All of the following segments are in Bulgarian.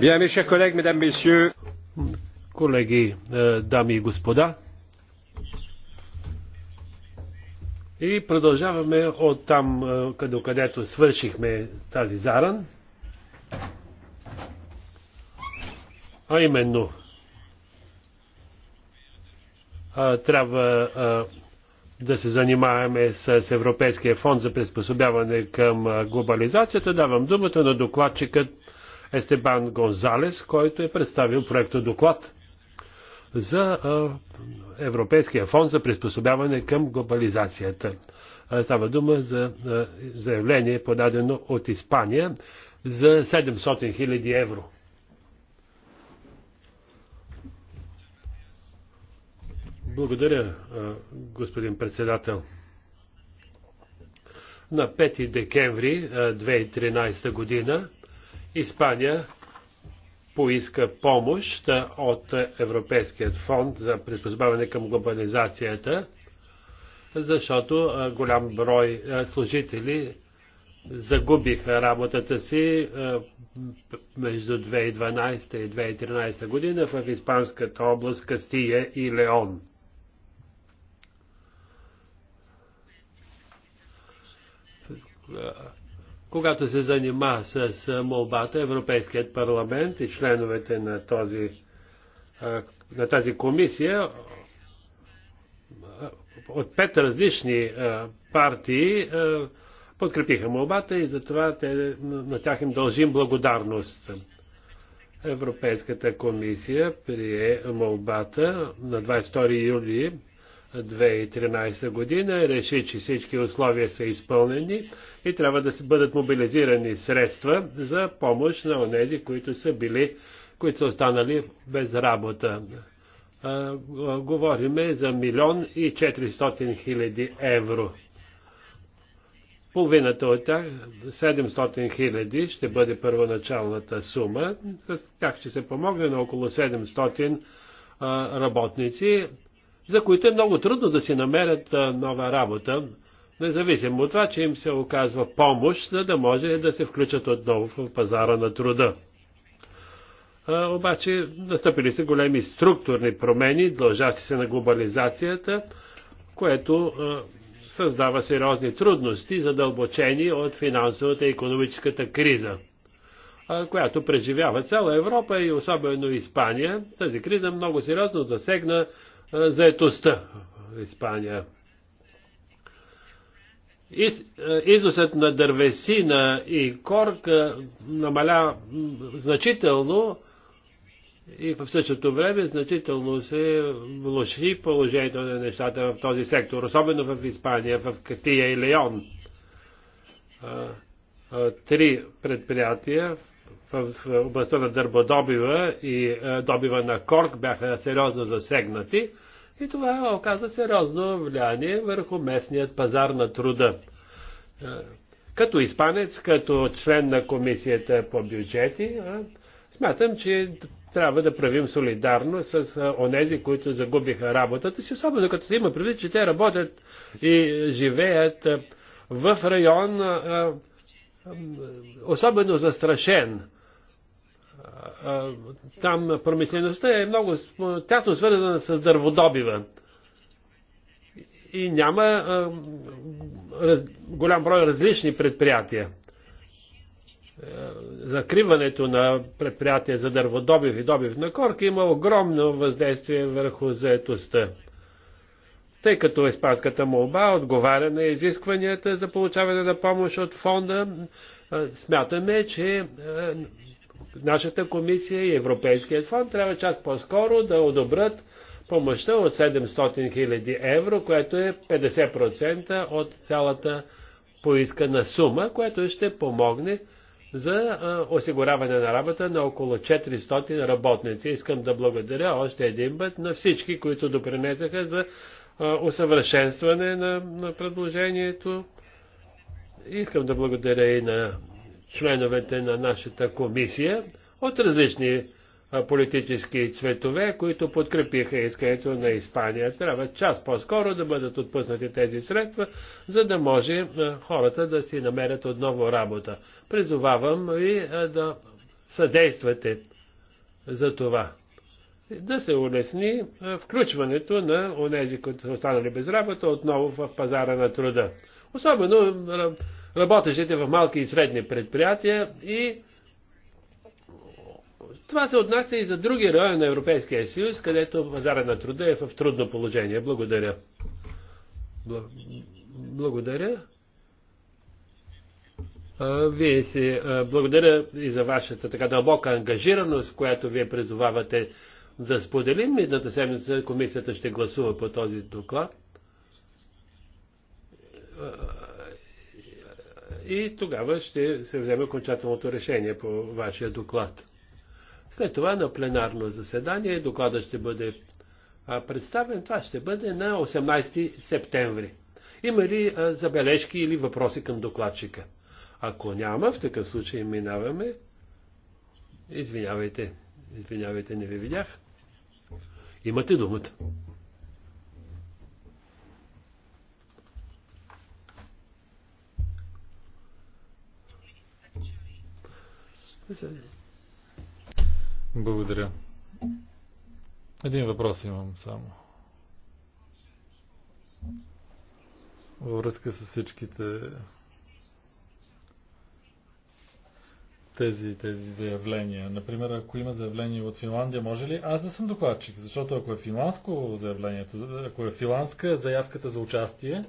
Bien, mes chers collègues, mesdames, messieurs. Колеги, е, дами и господа. И продължаваме от там, е, къде, където свършихме тази заран. А именно, е, трябва да се занимаваме с Европейския фонд за приспособяване към глобализацията. Давам думата на докладчикът Естебан Гонзалес, който е представил проекта доклад за Европейския фонд за приспособяване към глобализацията. Става дума за заявление, подадено от Испания за 700 000 евро. Благодаря, господин председател. На 5 декември 2013 година Испания поиска помощ от Европейският фонд за приспособяване към глобализацията, защото голям брой служители загубиха работата си между 2012 и 2013 година в испанската област Кастия и Леон когато се занима с молбата Европейският парламент и членовете на, този, на тази комисия от пет различни партии подкрепиха молбата и затова те, на тях им дължим благодарност. Европейската комисия прие молбата на 22 юли 2013 година реши, че всички условия са изпълнени и трябва да бъдат мобилизирани средства за помощ на онези, които са били, които са останали без работа. говориме за милион и 400 хиляди евро. Половината от тях, 700 хиляди, ще бъде първоначалната сума. С тях ще се помогне на около 700 работници за които е много трудно да си намерят нова работа, независимо от това, че им се оказва помощ, за да може да се включат отново в пазара на труда. обаче настъпили са големи структурни промени, дължащи се на глобализацията, което създава сериозни трудности, задълбочени от финансовата и економическата криза, която преживява цяла Европа и особено Испания. Тази криза много сериозно засегна заетостта в Испания. износът на дървесина и корка намаля значително и в същото време значително се влоши положението на нещата в този сектор, особено в Испания, в Кастия и Леон. Три предприятия в областта на дърбодобива и е, добива на корк бяха сериозно засегнати и това оказа сериозно влияние върху местният пазар на труда. Е, като испанец, като член на комисията по бюджети, е, смятам, че трябва да правим солидарно с онези, които загубиха работата си, особено като има предвид, че те работят и живеят в район особено застрашен там промишлеността е много тясно свързана с дърводобива. И няма раз, голям брой различни предприятия. Закриването на предприятия за дърводобив и добив на корка има огромно въздействие върху заетостта тъй като испанската молба отговаря на изискванията за получаване на помощ от фонда, смятаме, че нашата комисия и Европейският фонд трябва част по-скоро да одобрят помощта от 700 000 евро, което е 50% от цялата поискана сума, което ще помогне за осигуряване на работа на около 400 работници. Искам да благодаря още един път на всички, които допринесаха за усъвършенстване на, на предложението. Искам да благодаря и на членовете на нашата комисия от различни политически цветове, които подкрепиха искането на Испания. Трябва час по-скоро да бъдат отпуснати тези средства, за да може хората да си намерят отново работа. Призовавам ви да съдействате за това да се улесни е, включването на онези, които са останали без работа, отново в пазара на труда. Особено е, работещите в малки и средни предприятия и това се отнася и за други райони на Европейския съюз, където пазара на труда е в трудно положение. Благодаря. Благодаря. Вие си благодаря и за вашата така дълбока ангажираност, която вие призовавате да споделим. Едната седмица комисията ще гласува по този доклад. И тогава ще се вземе окончателното решение по вашия доклад. След това на пленарно заседание докладът ще бъде представен. Това ще бъде на 18 септември. Има ли забележки или въпроси към докладчика? Ако няма, в такъв случай минаваме. Извинявайте, извинявайте, не ви видях. Имате думата. Благодаря. Един въпрос имам само. Във връзка с всичките тези, тези заявления? Например, ако има заявление от Финландия, може ли аз да съм докладчик? Защото ако е финландско заявлението, ако е финландска заявката за участие,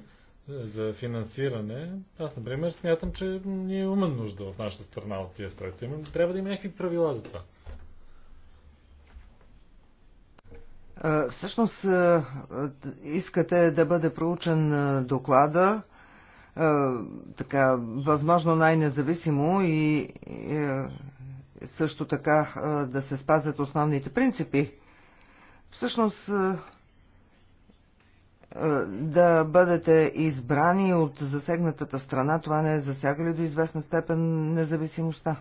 за финансиране, аз, например, смятам, че ние имаме нужда в нашата страна от тия средства. Трябва да има някакви правила за това. Всъщност искате да бъде проучен доклада така, възможно най-независимо и е, също така е, да се спазят основните принципи. Всъщност, е, да бъдете избрани от засегнатата страна, това не е засяга ли до известна степен независимостта?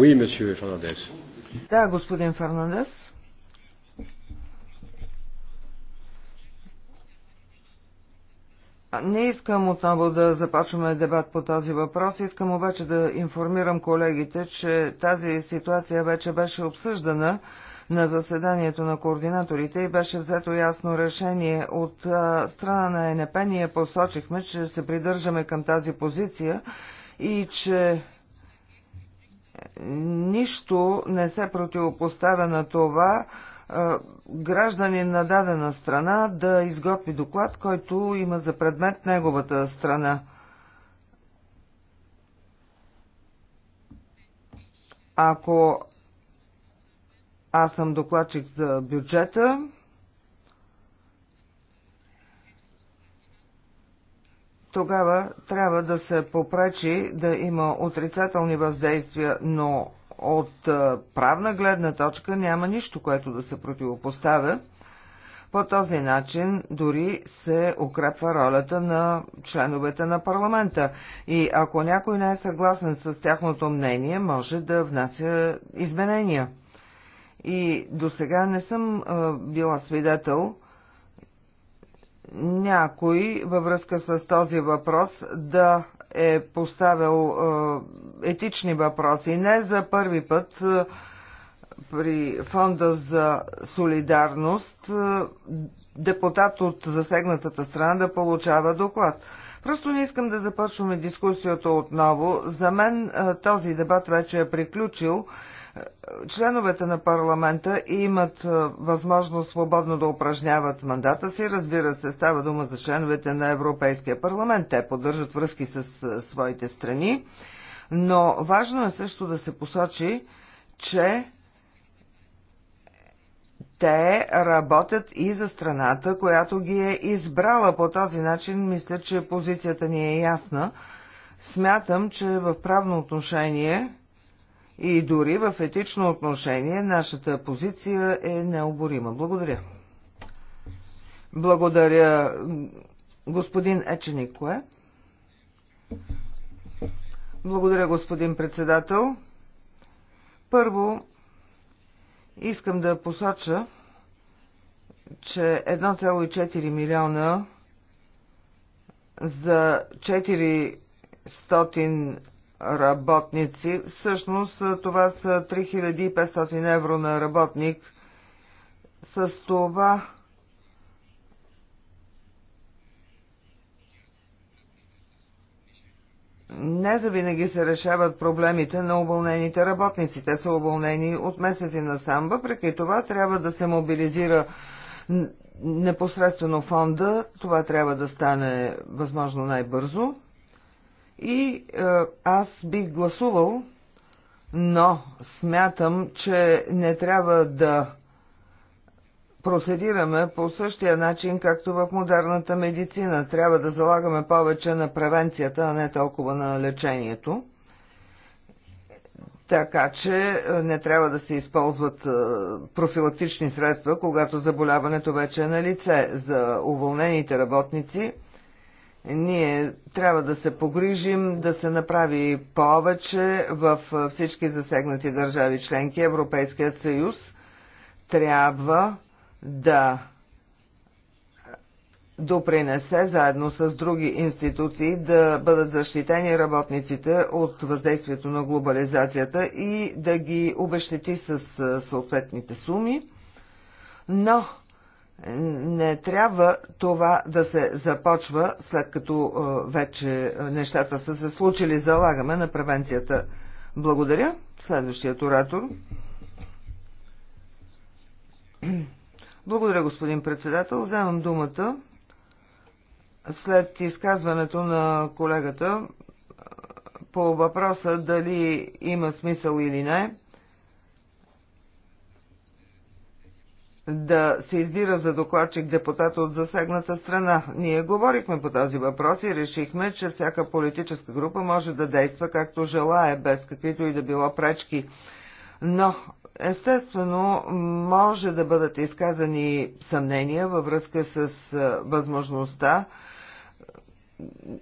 Oui, monsieur Фернандес. Да, господин Фернандес. Не искам отново да започваме дебат по този въпрос, искам обаче да информирам колегите, че тази ситуация вече беше обсъждана на заседанието на координаторите и беше взето ясно решение. От страна на ЕНП ние посочихме, че се придържаме към тази позиция и че нищо не се противопоставя на това е, гражданин на дадена страна да изготви доклад, който има за предмет неговата страна. Ако аз съм докладчик за бюджета, тогава трябва да се попречи да има отрицателни въздействия, но от правна гледна точка няма нищо, което да се противопоставя. По този начин дори се укрепва ролята на членовете на парламента и ако някой не е съгласен с тяхното мнение, може да внася изменения. И до сега не съм а, била свидетел някой във връзка с този въпрос да е поставил е, етични въпроси. Не за първи път е, при Фонда за солидарност е, депутат от засегнатата страна да получава доклад. Просто не искам да започваме дискусията отново. За мен този дебат вече е приключил членовете на парламента имат е, възможност свободно да упражняват мандата си. Разбира се, става дума за членовете на Европейския парламент. Те поддържат връзки с е, своите страни. Но важно е също да се посочи, че те работят и за страната, която ги е избрала. По този начин мисля, че позицията ни е ясна. Смятам, че в правно отношение и дори в етично отношение нашата позиция е необорима. Благодаря. Благодаря, господин Еченикое. Благодаря, господин председател. Първо, искам да посоча, че 1,4 милиона за 400 работници. Всъщност това са 3500 евро на работник. С това не завинаги се решават проблемите на уволнените работници. Те са уволнени от месеци насам. Въпреки това трябва да се мобилизира непосредствено фонда. Това трябва да стане възможно най-бързо и е, аз бих гласувал, но смятам, че не трябва да процедираме по същия начин, както в модерната медицина. Трябва да залагаме повече на превенцията, а не толкова на лечението. Така че е, не трябва да се използват е, профилактични средства, когато заболяването вече е на лице. За уволнените работници – ние трябва да се погрижим да се направи повече в всички засегнати държави членки. Европейският съюз трябва да допринесе заедно с други институции да бъдат защитени работниците от въздействието на глобализацията и да ги обещети с съответните суми. Но не трябва това да се започва след като е, вече нещата са се случили. Залагаме на превенцията. Благодаря. Следващият оратор. Благодаря, господин председател. Вземам думата след изказването на колегата е, по въпроса дали има смисъл или не да се избира за докладчик депутат от засегната страна. Ние говорихме по този въпрос и решихме, че всяка политическа група може да действа както желая, без каквито и да било пречки. Но, естествено, може да бъдат изказани съмнения във връзка с възможността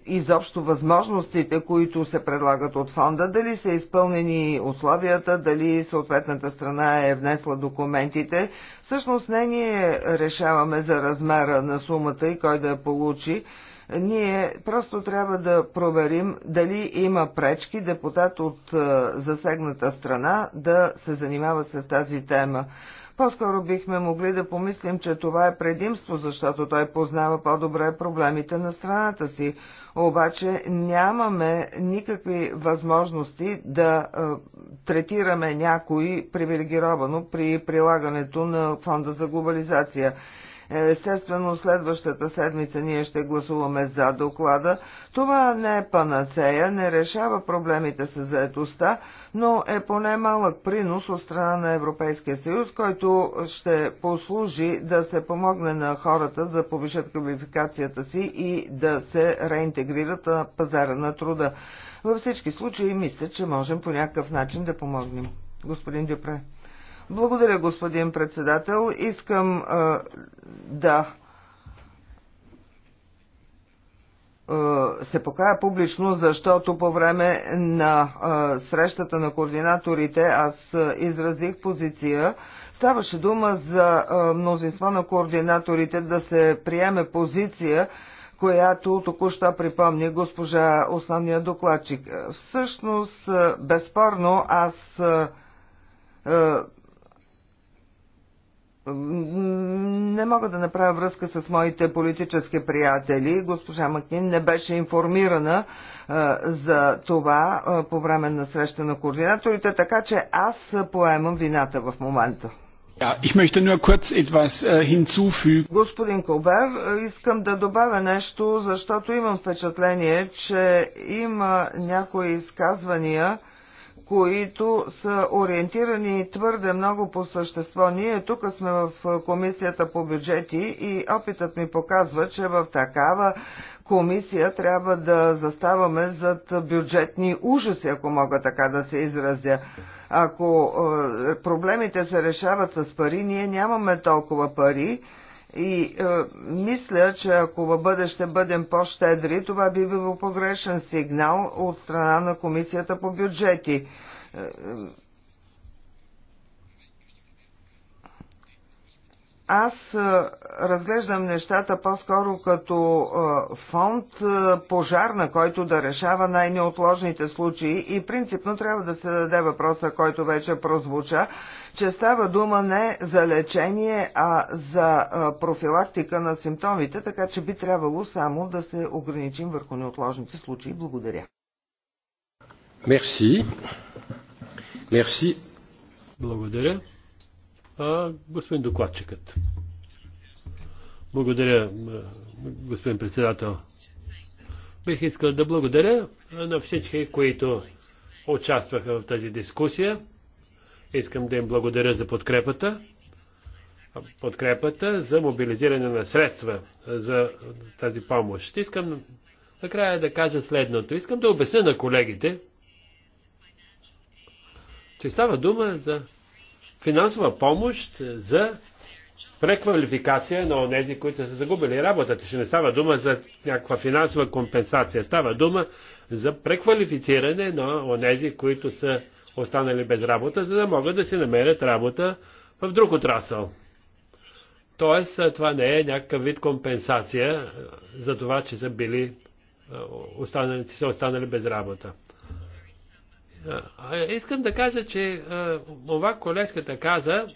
изобщо възможностите, които се предлагат от фонда, дали са изпълнени условията, дали съответната страна е внесла документите. Всъщност не ние решаваме за размера на сумата и кой да я получи. Ние просто трябва да проверим дали има пречки депутат от засегната страна да се занимава с тази тема. По-скоро бихме могли да помислим, че това е предимство, защото той познава по-добре проблемите на страната си. Обаче нямаме никакви възможности да е, третираме някой привилегировано при прилагането на фонда за глобализация. Е, естествено, следващата седмица ние ще гласуваме за доклада. Това не е панацея, не решава проблемите с заедостта, но е поне малък принос от страна на Европейския съюз, който ще послужи да се помогне на хората да повишат квалификацията си и да се реинтегрират на пазара на труда. Във всички случаи мисля, че можем по някакъв начин да помогнем. Господин Дюпре. Благодаря, господин председател. Искам а, да се покая публично, защото по време на срещата на координаторите аз изразих позиция. Ставаше дума за мнозинство на координаторите да се приеме позиция, която току-що припомни госпожа основния докладчик. Всъщност, безспорно, аз не мога да направя връзка с моите политически приятели. Госпожа Макнин не беше информирана за това по време на среща на координаторите, така че аз поемам вината в момента. Ja, ich möchte nur kurz etwas hinzufügen. Господин Колбер, искам да добавя нещо, защото имам впечатление, че има някои изказвания, които са ориентирани твърде много по същество. Ние тук сме в комисията по бюджети и опитът ми показва, че в такава комисия трябва да заставаме зад бюджетни ужаси, ако мога така да се изразя. Ако е, проблемите се решават с пари, ние нямаме толкова пари, и е, мисля, че ако в бъдеще бъдем по-щедри, това би било погрешен сигнал от страна на комисията по бюджети. Е, е, аз е, разглеждам нещата по-скоро като фонд пожар, на който да решава най-неотложните случаи и принципно трябва да се даде въпроса, който вече прозвуча, че става дума не за лечение, а за профилактика на симптомите, така че би трябвало само да се ограничим върху неотложните случаи. Благодаря. Мерси. Мерси. Благодаря. А, господин докладчикът. Благодаря, господин председател. Бих искал да благодаря на всички, които участваха в тази дискусия. Искам да им благодаря за подкрепата. Подкрепата за мобилизиране на средства за тази помощ. Искам накрая да кажа следното. Искам да обясня на колегите, че става дума за финансова помощ за преквалификация на онези, които са загубили работата. Ще не става дума за някаква финансова компенсация. Става дума за преквалифициране на онези, които са останали без работа, за да могат да си намерят работа в друг отрасъл. Тоест, това не е някакъв вид компенсация за това, че са били останали, че са останали без работа. Искам да кажа, че това колежката каза,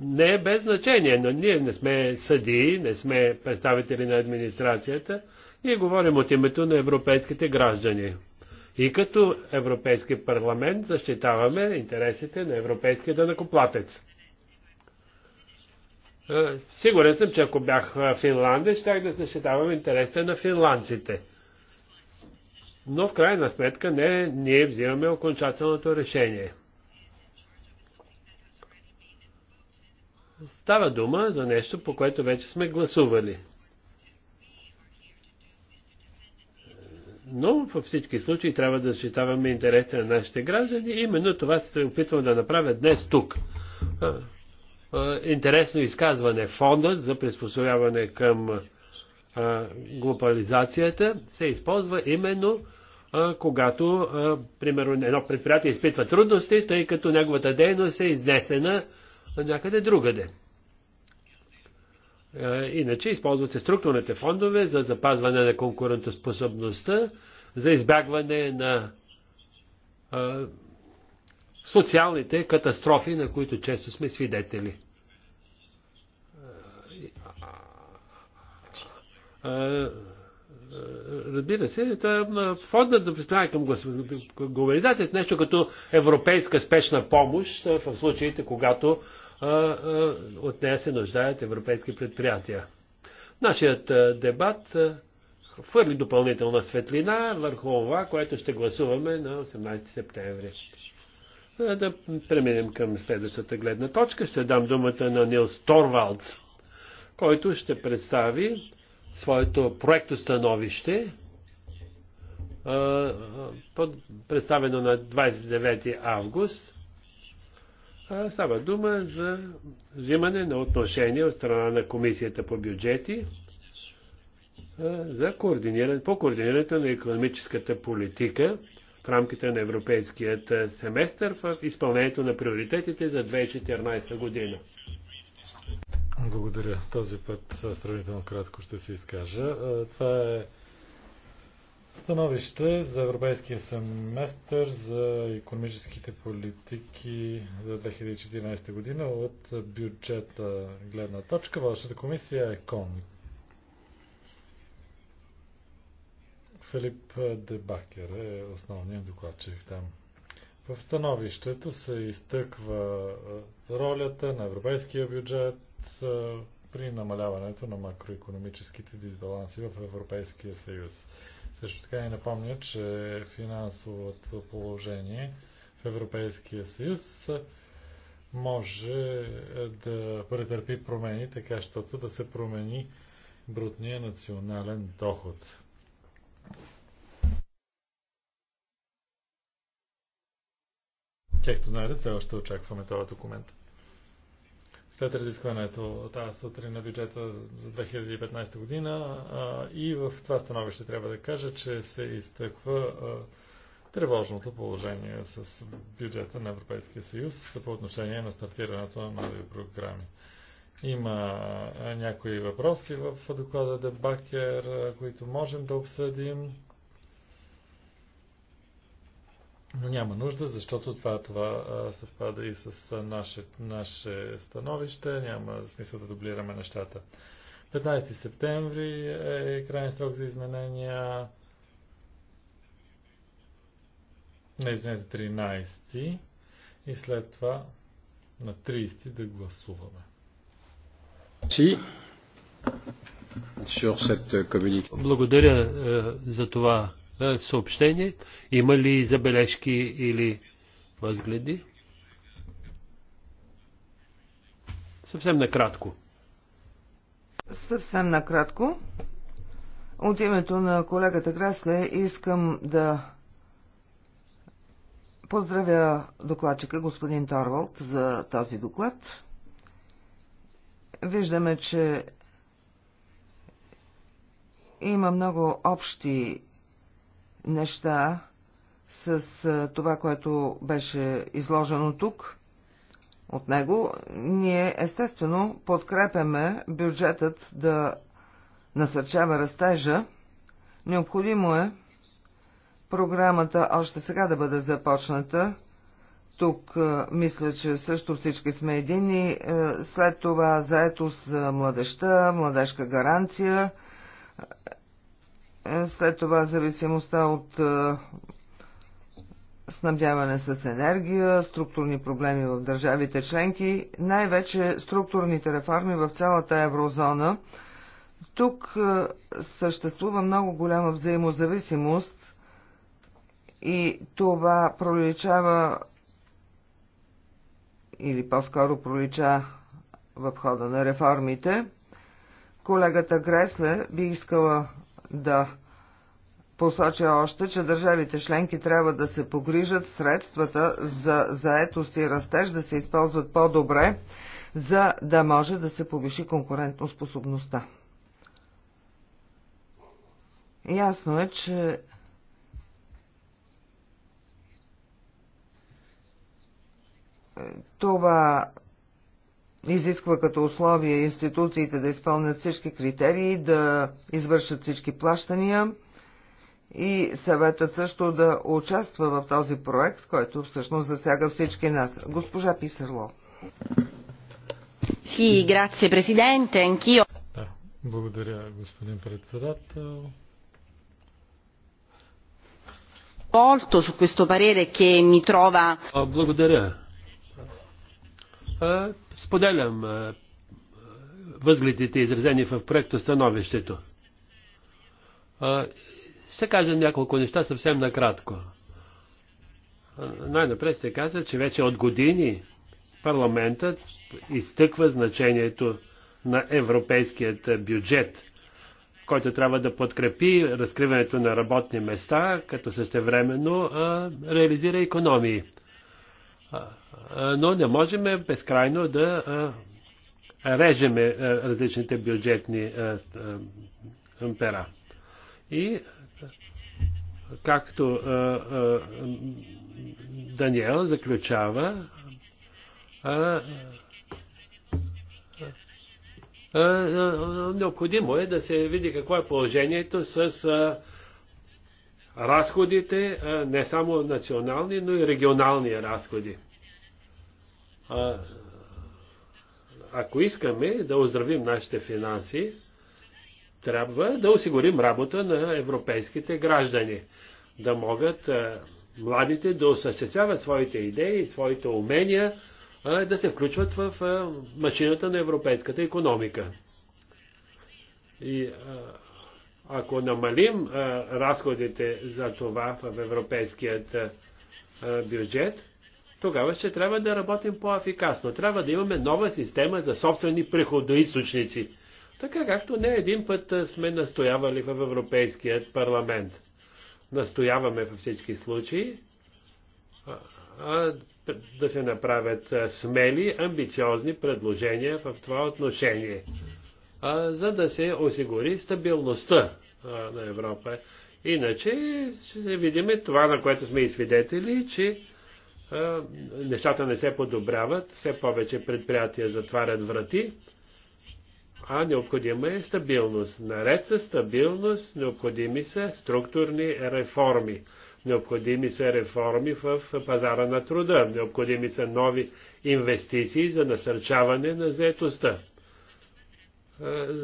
не е без значение, но ние не сме съди, не сме представители на администрацията, и говорим от името на европейските граждани. И като Европейски парламент защитаваме интересите на европейския дънакоплатец. Сигурен съм, че ако бях финландец, щях да защитавам интересите на финландците. Но в крайна сметка не ние взимаме окончателното решение. Става дума за нещо, по което вече сме гласували. но във всички случаи трябва да защитаваме интереса на нашите граждани. Именно това се опитвам да направя днес тук. Интересно изказване. Фондът за приспособяване към глобализацията се използва именно когато, примерно, едно предприятие изпитва трудности, тъй като неговата дейност е изнесена някъде другаде. Е, иначе използват се структурните фондове за запазване на конкурентоспособността, за избягване на е, социалните катастрофи, на които често сме свидетели. Е, разбира се, е, фондът за приспяване към глобализацията е нещо като европейска спешна помощ в случаите, когато от нея се нуждаят европейски предприятия. Нашият дебат хвърли допълнителна светлина върху това, което ще гласуваме на 18 септември. да преминем към следващата гледна точка, ще дам думата на Нилс Торвалдс, който ще представи своето проекто становище, представено на 29 август. Става дума за взимане на отношение от страна на Комисията по бюджети за координиране, по координирането на економическата политика в рамките на европейският семестър в изпълнението на приоритетите за 2014 година. Благодаря. Този път сравнително кратко ще се изкажа. Това е становище за Европейския семестър за економическите политики за 2014 година от бюджета гледна точка. Вашата комисия е КОН. Филип Дебакер е основният докладчик там. В становището се изтъква ролята на европейския бюджет, при намаляването на макроекономическите дисбаланси в Европейския съюз. Също така и напомня, че финансовото положение в Европейския съюз може да претърпи промени, така щото да се промени брутния национален доход. Както знаете, все още очакваме този документ след разискването тази сутрин на бюджета за 2015 година а, и в това становище трябва да кажа, че се изтъква тревожното положение с бюджета на Европейския съюз по отношение на стартирането на нови програми. Има някои въпроси в доклада Дебакер, които можем да обсъдим. Но няма нужда, защото това, това съвпада и с наше, наше становище. Няма смисъл да дублираме нещата. 15 септември е крайен срок за изменения. Не, извинете, 13. И след това на 30 да гласуваме. Си. Благодаря е, за това съобщение. Има ли забележки или възгледи? Съвсем накратко. Съвсем накратко. От името на колегата Грасле искам да поздравя докладчика господин Торвалд за този доклад. Виждаме, че има много общи неща с това, което беше изложено тук от него. Ние естествено подкрепяме бюджетът да насърчава растежа. Необходимо е програмата още сега да бъде започната. Тук мисля, че също всички сме едини. Е, след това заето с младеща, младежка гаранция, след това зависимостта от е, снабдяване с енергия, структурни проблеми в държавите членки, най-вече структурните реформи в цялата еврозона. Тук е, съществува много голяма взаимозависимост и това проличава или по-скоро пролича в хода на реформите. Колегата Гресле би искала да Посоча още, че държавите членки трябва да се погрижат средствата за заетост и растеж да се използват по-добре, за да може да се повиши конкурентоспособността. Ясно е, че това изисква като условие институциите да изпълнят всички критерии, да извършат всички плащания и съветът също да участва в този проект, който всъщност засяга всички нас. Госпожа Писарло. Си, грация, президент, Да, благодаря, господин председател. Благодаря. Споделям възгледите, изразени в проекта становището. Ще кажа няколко неща съвсем накратко. Най-напред се каза, че вече от години парламентът изтъква значението на европейският бюджет, който трябва да подкрепи разкриването на работни места, като същевременно а, реализира економии но не можем безкрайно да режеме различните бюджетни пера. И както Даниел заключава, необходимо е да се види какво е положението с разходите, не само национални, но и регионални разходи. Ако искаме да оздравим нашите финанси, трябва да осигурим работа на европейските граждани, да могат младите да осъществяват своите идеи, своите умения, да се включват в машината на европейската економика. И ако намалим разходите за това в европейският бюджет, тогава ще трябва да работим по-ефикасно. Трябва да имаме нова система за собствени приходоисточници. Така както не един път сме настоявали в Европейският парламент. Настояваме във всички случаи а, а, да се направят смели, амбициозни предложения в това отношение за да се осигури стабилността на Европа. Иначе ще видим това, на което сме и свидетели, че нещата не се подобряват, все повече предприятия затварят врати, а необходима е стабилност. Наред с стабилност необходими са структурни реформи. Необходими са реформи в пазара на труда. Необходими са нови инвестиции за насърчаване на заетостта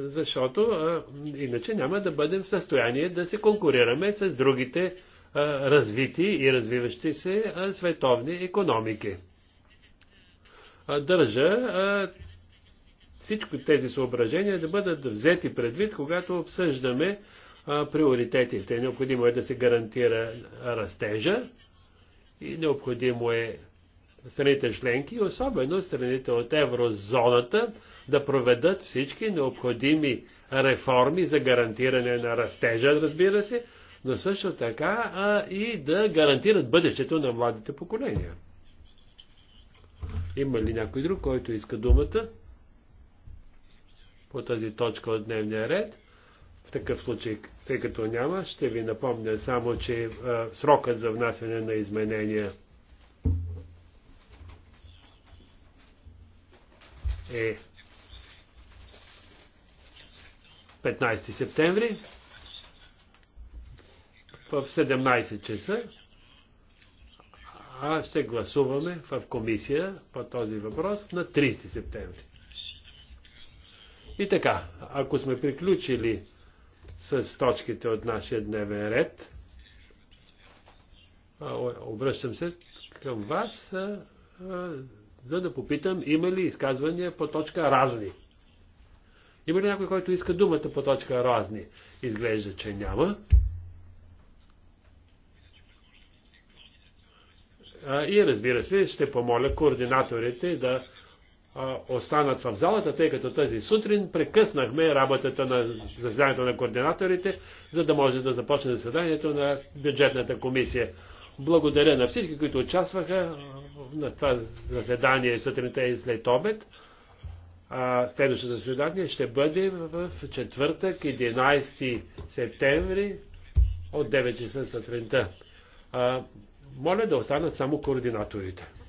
защото иначе няма да бъдем в състояние да се конкурираме с другите развити и развиващи се световни економики. Държа всичко тези съображения да бъдат взети предвид, когато обсъждаме приоритетите. Необходимо е да се гарантира растежа и необходимо е страните членки, особено страните от еврозоната, да проведат всички необходими реформи за гарантиране на растежа, разбира се, но също така а, и да гарантират бъдещето на младите поколения. Има ли някой друг, който иска думата по тази точка от дневния ред? В такъв случай, тъй като няма, ще ви напомня само, че а, срокът за внасяне на изменения е 15 септември в 17 часа. А ще гласуваме в комисия по този въпрос на 30 септември. И така, ако сме приключили с точките от нашия дневен ред, обръщам се към вас за да попитам има ли изказвания по точка разни. Има ли някой, който иска думата по точка разни? Изглежда, че няма. И разбира се, ще помоля координаторите да останат в залата, тъй като тази сутрин прекъснахме работата на заседанието на координаторите, за да може да започне заседанието на бюджетната комисия. Благодаря на всички, които участваха на това заседание сутринта и след обед. А следващото заседание ще бъде в четвъртък, 11 септември от 9 часа сутринта. А, моля да останат само координаторите.